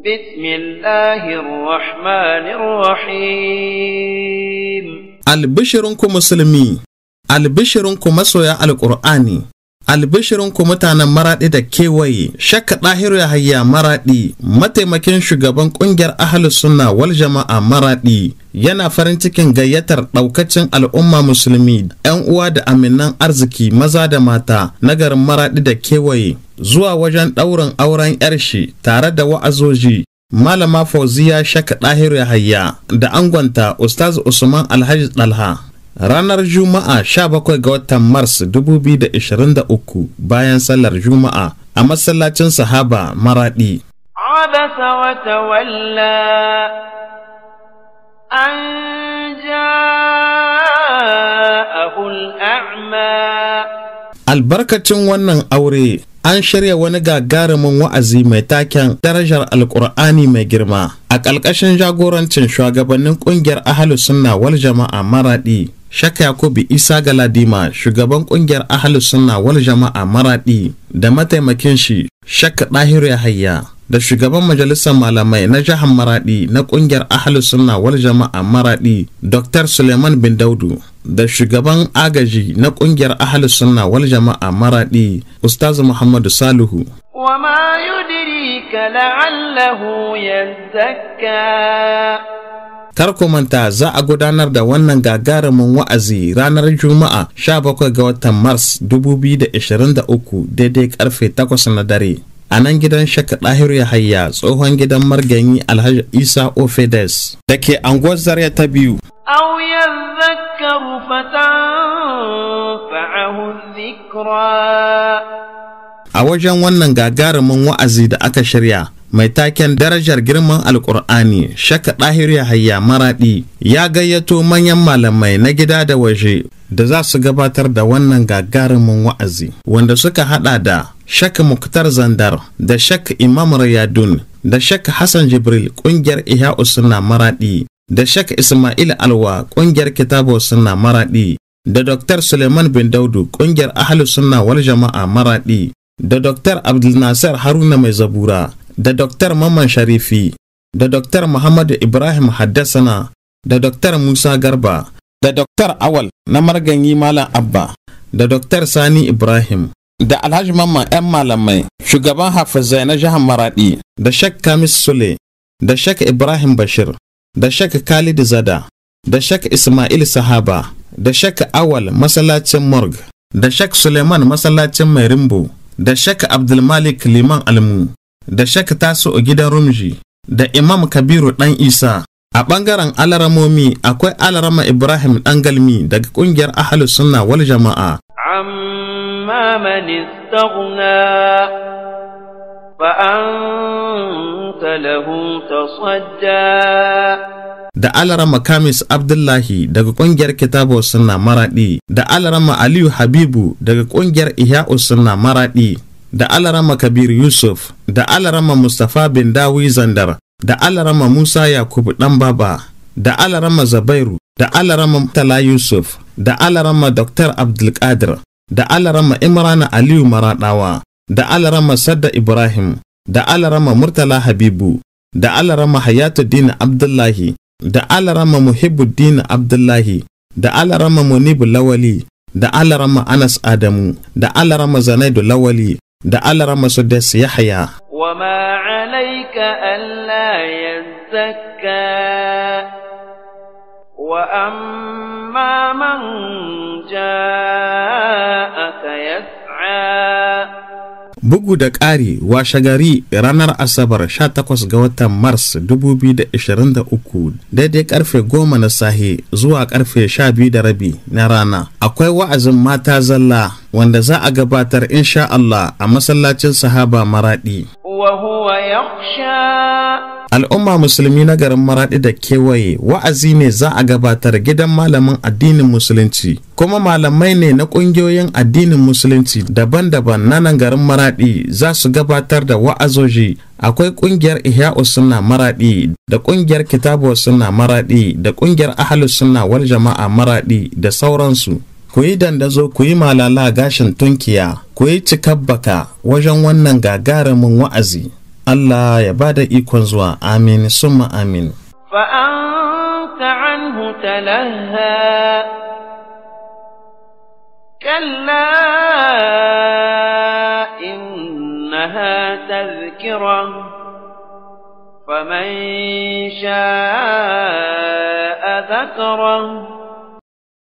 بسم الله الرحمن الرحيم albishirinku musulmi albishirinku masoya alƙur'ani albishirinku mutanen maraɗi da kewaye shakka ɗahiru ya hayya maraɗi mataimakin shugaban ƙungiyar ahlu sunna wal jama'a maraɗi yana farin cikin gayyatar ɗaukacin al'umma musulmi 'yan uwa da aminan arziki maza da mata na garin maraɗi da kewaye zuwa wajen ɗaurin auren 'yar tare da wa'azoji malama fauziya shaka ɗahiru yahaya da angonta ustaz usman alhaji ɗalha ranar juma'a 17 ga watan mars 2023 bayan sallar juma'a a masallacin sahaba maraɗi albarkacin wannan aure an shirya wani gagarumin wa'azi mai taken darajar alkur'ani mai girma a ƙalƙashin jagorancin shugabannin ƙungiyar ahalus sunna wal jama'a maraɗi shaka yakubu isa galadima shugaban ƙungiyar ahalus sunna wal jama'a maraɗi da mataimakin shi shaka ɗahiru yahaya da shugaban majalisar malamai na jihar maraɗi na ƙungiyar ahalus sunna wal jama'a maraɗi dr suleiman bin daudu da shugaban agaji na kungiyar ahal sunna wal jama'a maradi ustaz muhammadu salihu وما يدريك la'allahu يزكى kar ku manta za a gudanar da wannan gagarumin wa'azi ranar juma'a 17 ga watan mars 2023 daidai karfe 8 na dare a nan gidan shaka ɗahiru ya hayya tsohon gidan marganyi alhaji isa ofedes da ke anguwar zarya ta biyu يذكر فتنفعه الذكرى a wajen wannan gagarumin wa'azi da aka shirya mai taken darajar girman alkur'ani shaka ɗahir yahaya maraɗi ya gayyato manyan malamai na gida da waje da za su gabatar da wannan gagarumin wa'azi wanda suka hada da shaka muktar zandar da shaka imam riyadun da shaka hassan jibril ƙungiyar ihya usunna maraɗi da Shek Ismail Alwa ƙungiyar Kitabu Sunna Maraɗi, da Dr. Suleiman bin Daudu ƙungiyar Ahalu Sunna wal Jama'a Maraɗi, da Dr. Abdulnasir Haruna Mai Zabura, da Dr. Mamman Sharifi, da Dr. Muhammadu Ibrahim Haddasana, da Dr. Musa Garba, da Dr. Awal na Marganyi Malam Abba, da Dr. Sani Ibrahim. da Alhaji Mamman 'yan malamai, shugaban hafizai na jihar Maraɗi, da Shek Kamis Sule, da Shek Ibrahim Bashir, da shak Khalid Zada, da shak Ismail Sahaba, da shak Awal masallacin Morg, da shak Suleiman masallacin Mairimbo, da shak Abdulmalik Liman Almu, da shak Taso gidan Rumji, da Imam Kabiru ɗan Isa. A ɓangaren alaramomi akwai alarama Ibrahim ɗan Galmi daga ƙungiyar Ahalus Sunna wal Jama'a. Amma da alarama kamis abdullahi daga ƙungiyar kitabu sunna maradi da alarama aliyu habibu daga ƙungiyar ihya'u sunna maradi da alarama kabir yusuf da alarama mustapha bin dawi zandar da alarama musa yakubu ɗan baba da alarama zabairu da alarama tala yusuf da alarama dr abdulkadir da alarama imrana aliyu maradawa da alarama sadda ibrahim da alarama murtala habibu da alarama hayatuddin abdullahi da alarama muhibbuddin abdullahi da alarama munibu lawali da alarama anas adamu da alarama zanaidu lawali da alarama sudes yahya وما عليك ألا يزكى وأما من جاءك يسعى bugu da ƙari washegari ranar asabar 18 ga watan mars 2023 daidai karfe 10 na sahi zuwa karfe 12 da rabi na rana akwai wa'azin mata zalla wanda za a gabatar insha Allah a masallacin sahaba maradi al'umma musulmi na garin maradi da kewaye wa'azi ne za a gabatar gidan malamin addinin musulunci kuma malamai ne na kungiyoyin addinin musulunci daban-daban na nan garin maradi za su gabatar da wa'azoji akwai kungiyar ihya'u sunna maradi da kungiyar kitabu sunna maradi da kungiyar ahlus sunna wal jama'a maradi da sauransu ku yi dandazo ku yi malala gashin tunkiya ku yi cikabbaka wajen wannan gagarumin wa'azi Allah ya ba da ikon zuwa amin summa amin. فأنت عنه تلهى كلا إنها تذكرة فمن شاء ذكره